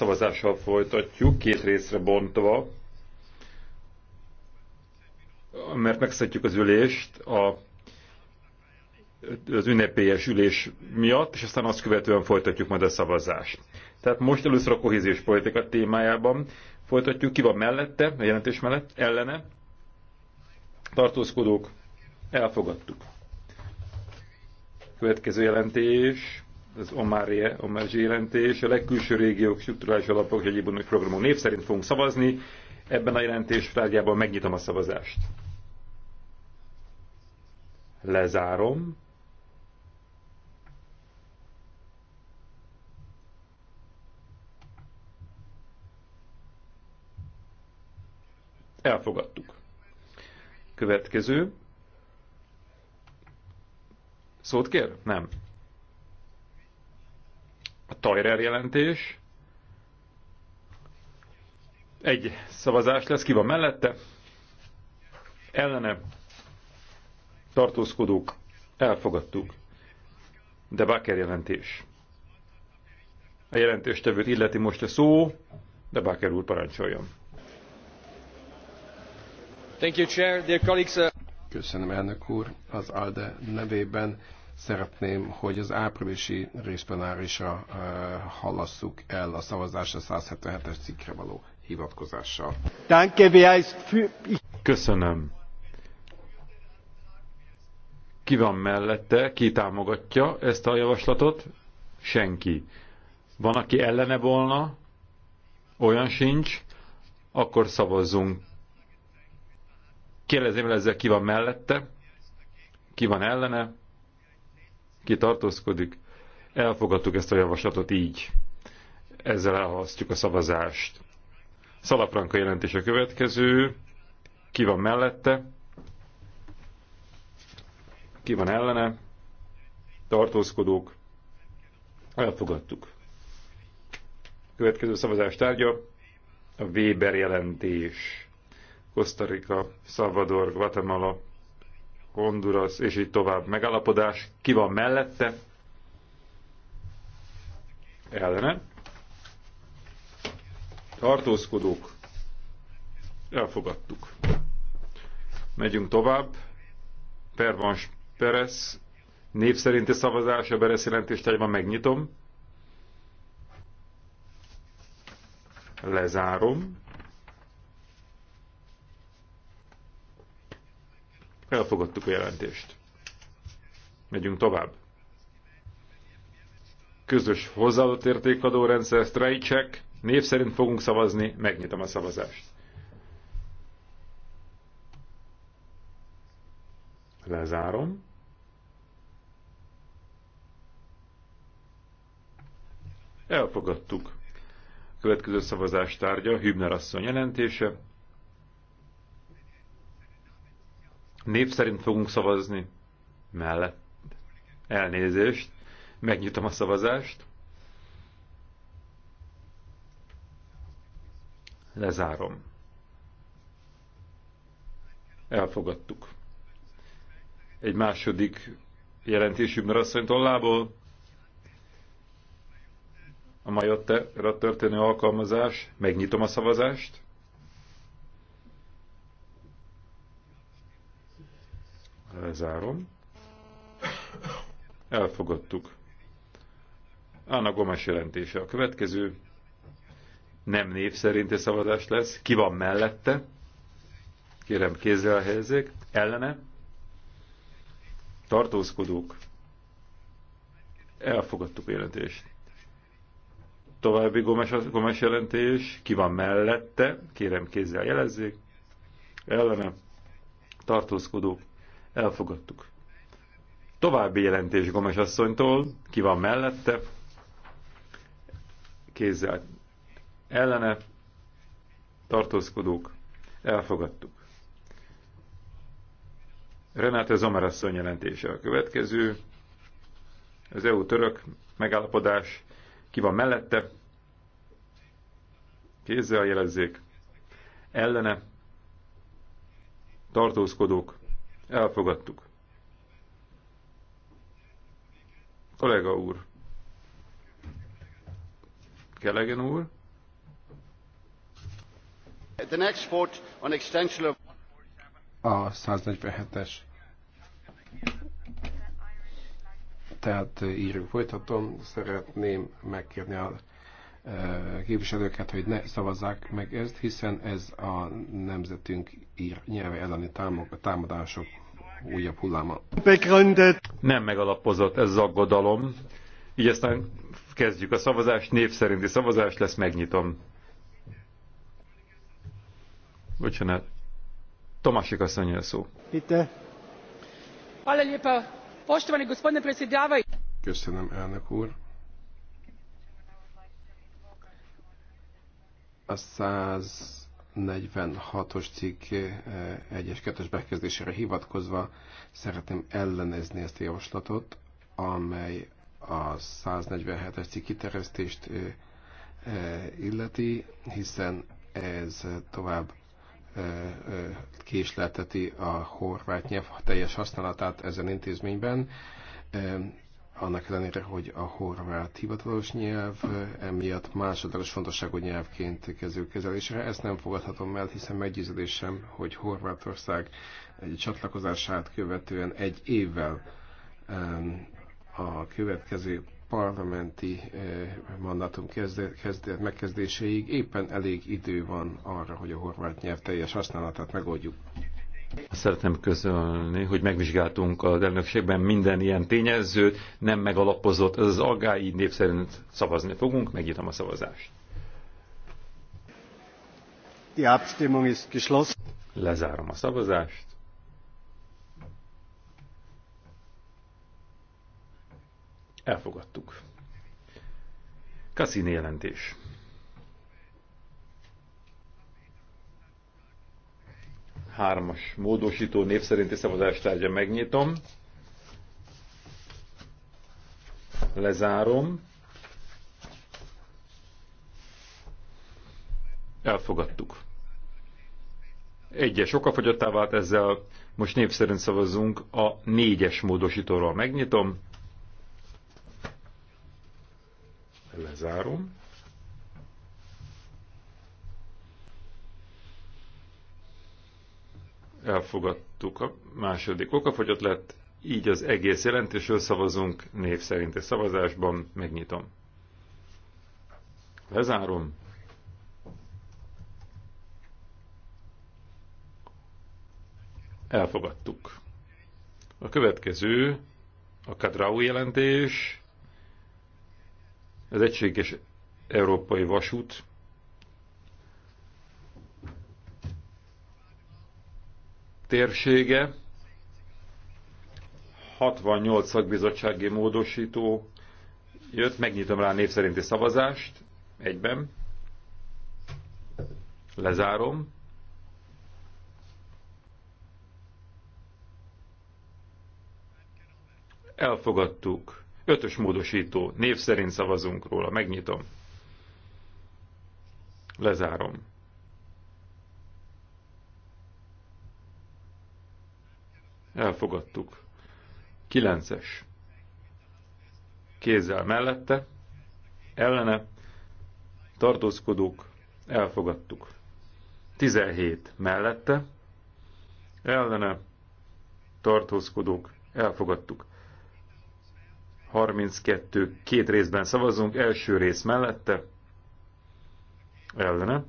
szavazással folytatjuk, két részre bontva, mert megszedjük az ülést a, az ünnepélyes ülés miatt, és aztán azt követően folytatjuk majd a szavazást. Tehát most először a kohéziós politika témájában folytatjuk, ki van mellette, a jelentés mellett, ellene, tartózkodók, elfogadtuk. Következő jelentés, az Omárie, Omárzsi jelentés, a legkülső régiók struktúrális alapok egyéb uniós programok név szerint fogunk szavazni. Ebben a jelentés tárgyában megnyitom a szavazást. Lezárom. Elfogadtuk. Következő. Szót kér? Nem. Tajrer jelentés. Egy szavazás lesz, ki van mellette? Ellene tartózkodók elfogadtuk. De Baker jelentés. A jelentéstevőt illeti most a szó, de Baker úr parancsoljon. Thank you, Chair. Dear colleagues, uh, Köszönöm, elnök úr. Az ALDE nevében Szeretném, hogy az áprilisi részplenárisra eh, hallasszuk el a szavazásra 177-es cikkre való hivatkozással. Köszönöm. Ki van mellette, ki támogatja ezt a javaslatot? Senki. Van, aki ellene volna? Olyan sincs? Akkor szavazzunk. Kérdezném el ezzel, ki van mellette, ki van ellene, ki tartózkodik. Elfogadtuk ezt a javaslatot így. Ezzel elhasztjuk a szavazást. Szalapranka jelentés a következő. Ki van mellette? Ki van ellene? Tartózkodók. Elfogadtuk. Következő szavazás tárgya a Weber jelentés. Costa Rica, Salvador, Guatemala, Honduras, és így tovább megállapodás. Ki van mellette? Ellene. Tartózkodók. Elfogadtuk. Megyünk tovább. Pervans Peres név szerinti szavazás a jelentést van megnyitom. Lezárom. Elfogadtuk a jelentést. Megyünk tovább. Közös hozzáadott értékadó rendszer, strajcsek, név szerint fogunk szavazni, megnyitom a szavazást. Lezárom. Elfogadtuk. A következő szavazás tárgya Hübner asszony jelentése, Név szerint fogunk szavazni. Mellett. Elnézést. Megnyitom a szavazást. Lezárom. Elfogadtuk. Egy második jelentésű asszony tollából a majotte történő alkalmazás. Megnyitom a szavazást. Lezárom. Elfogadtuk. Anna Gomes jelentése a következő. Nem név szerinti szavazás lesz. Ki van mellette? Kérem kézzel helyezzék. Ellene? Tartózkodók. Elfogadtuk a jelentést. További gomes, gomes jelentés. Ki van mellette? Kérem kézzel jelezzék. Ellene? Tartózkodók. Elfogadtuk. További jelentés Gomes asszonytól, ki van mellette, kézzel ellene, tartózkodók, elfogadtuk. Renate Zomer asszony jelentése a következő. Az EU-török megállapodás ki van mellette, kézzel jelezzék, ellene, tartózkodók, Elfogadtuk. Kollega úr. Kelegen úr. The next vote on extension of... A 147-es. Tehát írjuk, folytatom. Szeretném megkérni a képviselőket, hogy ne szavazzák meg ezt, hiszen ez a nemzetünk ír nyelve elleni támadások újabb hulláma. Nem megalapozott ez az aggodalom, így aztán kezdjük a szavazást, név szerinti szavazás lesz, megnyitom. Bocsánat. Tomasik asszony a szó. Pite. Hvala lijepa. Poštovani gospodine Köszönöm, elnök úr. a 146-os cikk 1-es eh, 2-es bekezdésére hivatkozva szeretném ellenezni ezt a javaslatot, amely a 147-es cikk kiterjesztést eh, eh, illeti, hiszen ez tovább késlelteti a horvát nyelv teljes használatát ezen intézményben annak ellenére, hogy a horvát hivatalos nyelv emiatt másodlagos fontosságú nyelvként kezdő kezelésre. Ezt nem fogadhatom el, hiszen meggyőződésem, hogy Horvátország egy csatlakozását követően egy évvel a következő parlamenti eh, mandátum kezde, kezde, megkezdéséig éppen elég idő van arra, hogy a horvát nyelv teljes használatát megoldjuk. Azt szeretném közölni, hogy megvizsgáltunk az elnökségben minden ilyen tényezőt, nem megalapozott, ez az agályi nép szerint szavazni fogunk, megnyitom a szavazást. Die Abstimmung ist geschlossen. Lezárom a szavazást. Elfogadtuk. Cassini jelentés. 3-as módosító név szerinti szavazást tárgya megnyitom. Lezárom. Elfogadtuk. Egyes okafogyottá vált ezzel, most név szerint a négyes módosítóról. Megnyitom. Lezárom. elfogadtuk a második okafogyott lett, így az egész jelentésről szavazunk név szerint a szavazásban, megnyitom. Lezárom. Elfogadtuk. A következő a Kadrau jelentés, az egységes európai vasút térsége, 68 szakbizottsági módosító jött, megnyitom rá a név szerinti szavazást, egyben, lezárom, elfogadtuk, ötös módosító, név szerint szavazunk róla, megnyitom, lezárom. Elfogadtuk. Kilences. Kézzel mellette, ellene, tartózkodók, elfogadtuk. 17 mellette, ellene, tartózkodók, elfogadtuk. 32 két részben szavazunk, első rész mellette, ellene,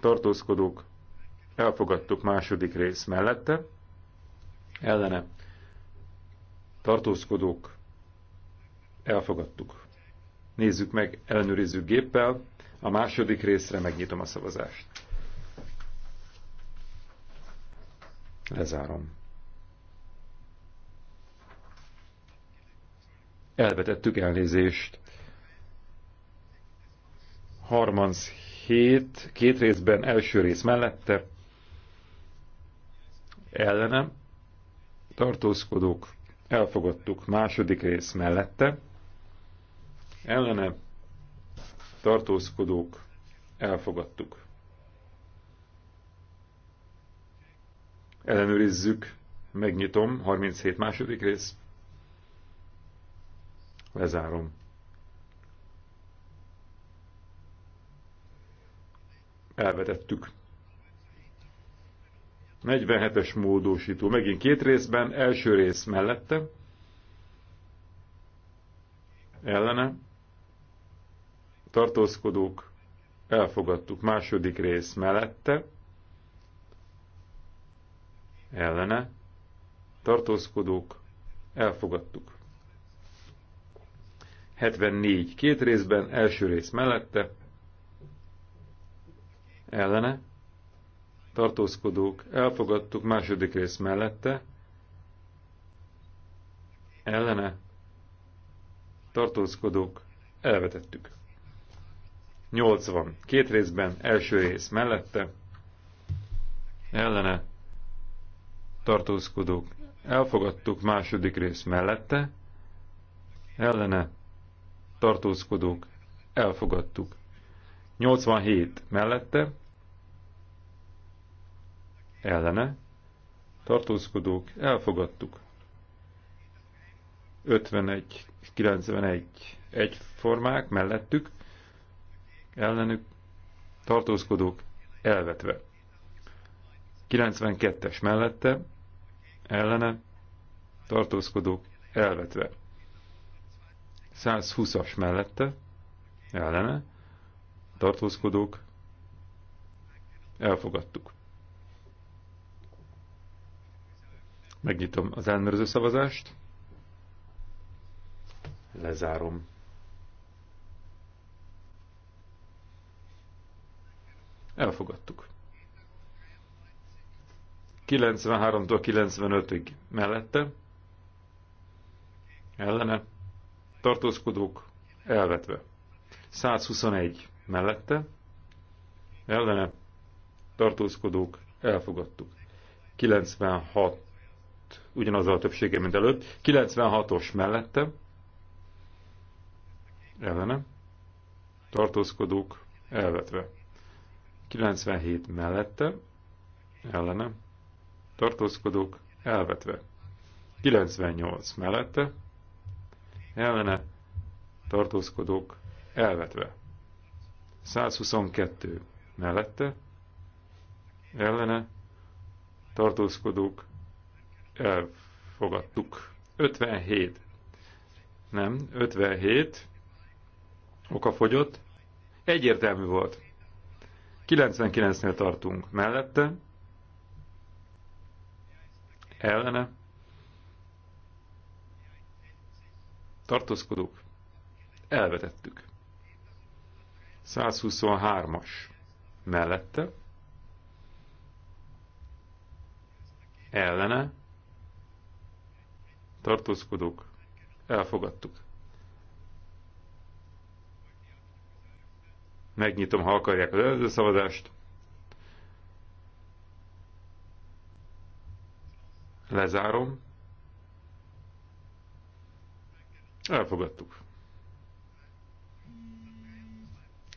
tartózkodók, elfogadtuk második rész mellette, ellene tartózkodók elfogadtuk. Nézzük meg, ellenőrizzük géppel, a második részre megnyitom a szavazást. Lezárom. Elvetettük elnézést. 37, két részben első rész mellette, ellenem, tartózkodók, elfogadtuk második rész mellette, ellene tartózkodók, elfogadtuk. Ellenőrizzük, megnyitom, 37 második rész, lezárom. Elvetettük. 47-es módosító, megint két részben, első rész mellette, ellene, tartózkodók, elfogadtuk, második rész mellette, ellene, tartózkodók, elfogadtuk. 74 két részben, első rész mellette, ellene, tartózkodók, elfogadtuk második rész mellette, ellene, tartózkodók, elvetettük. 80. Két részben, első rész mellette, ellene, tartózkodók, elfogadtuk második rész mellette, ellene, tartózkodók, elfogadtuk. 87 mellette, ellene, tartózkodók, elfogadtuk. 51, 91 egyformák mellettük, ellenük tartózkodók elvetve. 92-es mellette, ellene tartózkodók elvetve. 120-as mellette, ellene tartózkodók elfogadtuk. Megnyitom az elmérző szavazást. Lezárom. Elfogadtuk. 93-tól 95-ig mellette. Ellene. Tartózkodók elvetve. 121 mellette. Ellene. Tartózkodók elfogadtuk. 96 ugyanazzal a többsége, mint előtt. 96-os mellette, ellene, tartózkodók elvetve. 97 mellette, ellene, tartózkodók elvetve. 98 mellette, ellene, tartózkodók elvetve. 122 mellette, ellene, tartózkodók elfogadtuk. 57. Nem, 57. Oka fogyott. Egyértelmű volt. 99-nél tartunk. Mellette. Ellene. Tartózkodók. Elvetettük. 123-as. Mellette. Ellene tartózkodók, elfogadtuk. Megnyitom, ha akarják az előző szavazást. Lezárom. Elfogadtuk.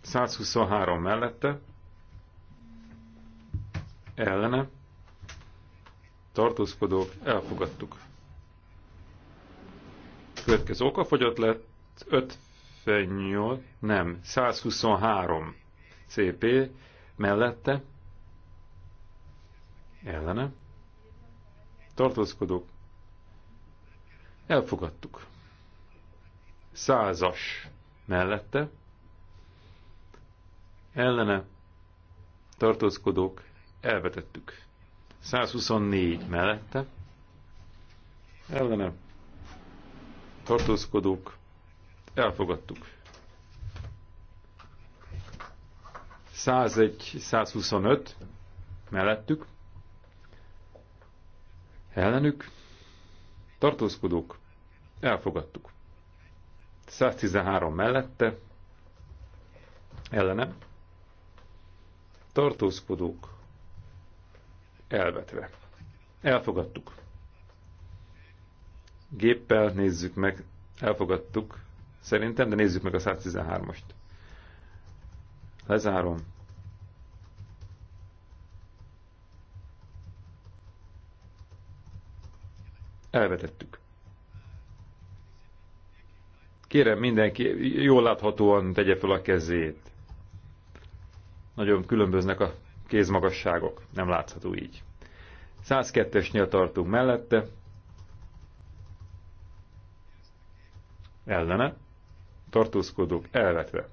123 mellette, ellene, tartózkodók, elfogadtuk. Következő okafogyott lett 58, nem, 123 CP mellette, ellene, tartózkodók, elfogadtuk. Százas mellette, ellene, tartózkodók, elvetettük. 124 mellette, ellene, tartózkodók, elfogadtuk. 101-125 mellettük, ellenük, tartózkodók, elfogadtuk. 113 mellette, ellenem, tartózkodók, elvetve. Elfogadtuk. Géppel nézzük meg, elfogadtuk szerintem, de nézzük meg a 113-ast. Lezárom. Elvetettük. Kérem mindenki, jól láthatóan tegye fel a kezét. Nagyon különböznek a kézmagasságok, nem látható így. 102-esnél tartunk mellette, ellene, tartózkodók elvetve.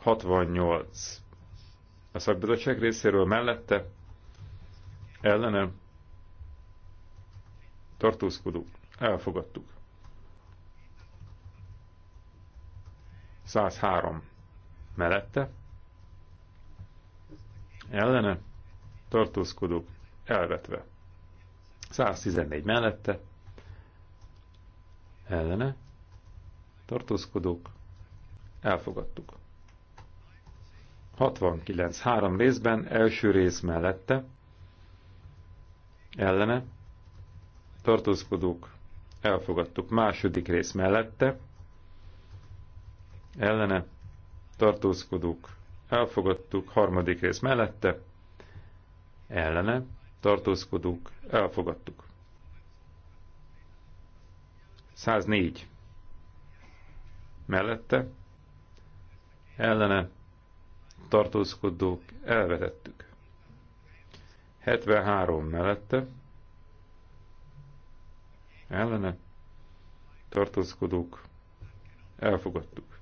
68 a szakbizottság részéről mellette, ellene, tartózkodók elfogadtuk. 103 mellette, ellene, tartózkodók elvetve. 114 mellette, ellene tartózkodók elfogadtuk. 69. Három részben, első rész mellette, ellene, tartózkodók, elfogadtuk. Második rész mellette, ellene, tartózkodók, elfogadtuk. Harmadik rész mellette, ellene, tartózkodók, elfogadtuk. 104. Mellette ellene tartózkodók elvetettük. 73 mellette ellene tartózkodók elfogadtuk.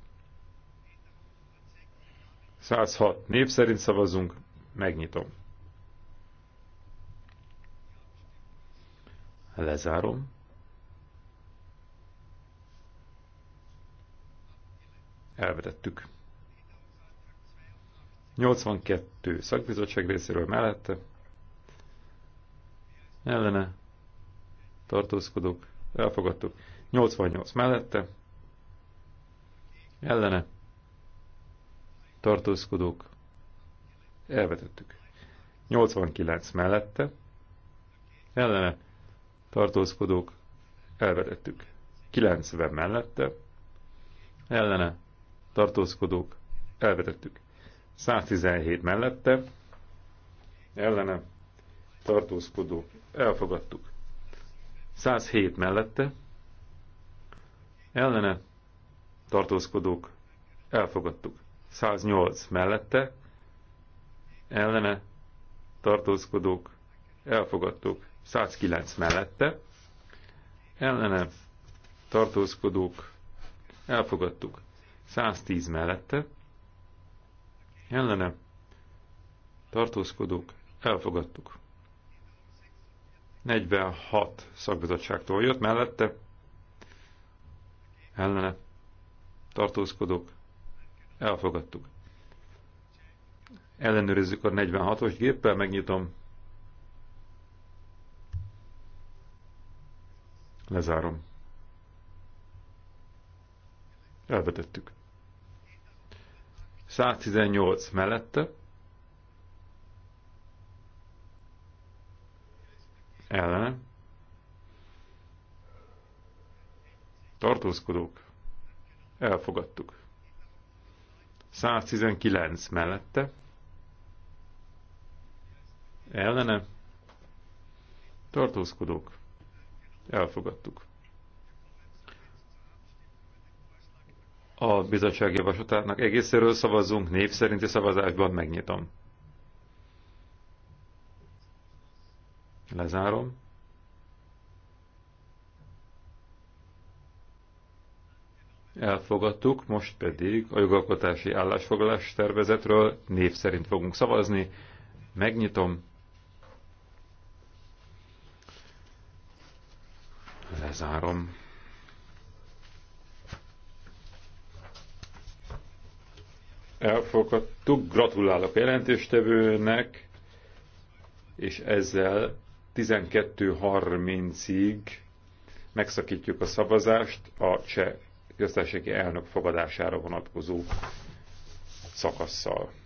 106. Név szerint szavazunk, megnyitom. Lezárom. elvetettük. 82 szakbizottság részéről mellette, ellene tartózkodók, elfogadtuk. 88 mellette, ellene tartózkodók, elvetettük. 89 mellette, ellene tartózkodók, elvetettük. 90 mellette, ellene tartózkodók, elvetettük. 117 mellette, ellene, tartózkodók, elfogadtuk. 107 mellette, ellene, tartózkodók, elfogadtuk. 108 mellette, ellene, tartózkodók, elfogadtuk. 109 mellette, ellene, tartózkodók, elfogadtuk. 110 mellette, ellene tartózkodók elfogadtuk. 46 szakbizottságtól jött mellette, ellene tartózkodók elfogadtuk. Ellenőrizzük a 46-os géppel, megnyitom. Lezárom. Elvetettük. 118 mellette, ellen, tartózkodók, elfogadtuk. 119 mellette, ellene, tartózkodók, elfogadtuk. a bizottság javaslatának egészéről szavazzunk, név szerinti szavazásban megnyitom. Lezárom. Elfogadtuk, most pedig a jogalkotási állásfoglalás tervezetről név szerint fogunk szavazni. Megnyitom. Lezárom. elfogadtuk. Gratulálok a jelentéstevőnek, és ezzel 12.30-ig megszakítjuk a szavazást a cseh köztársasági elnök fogadására vonatkozó szakasszal.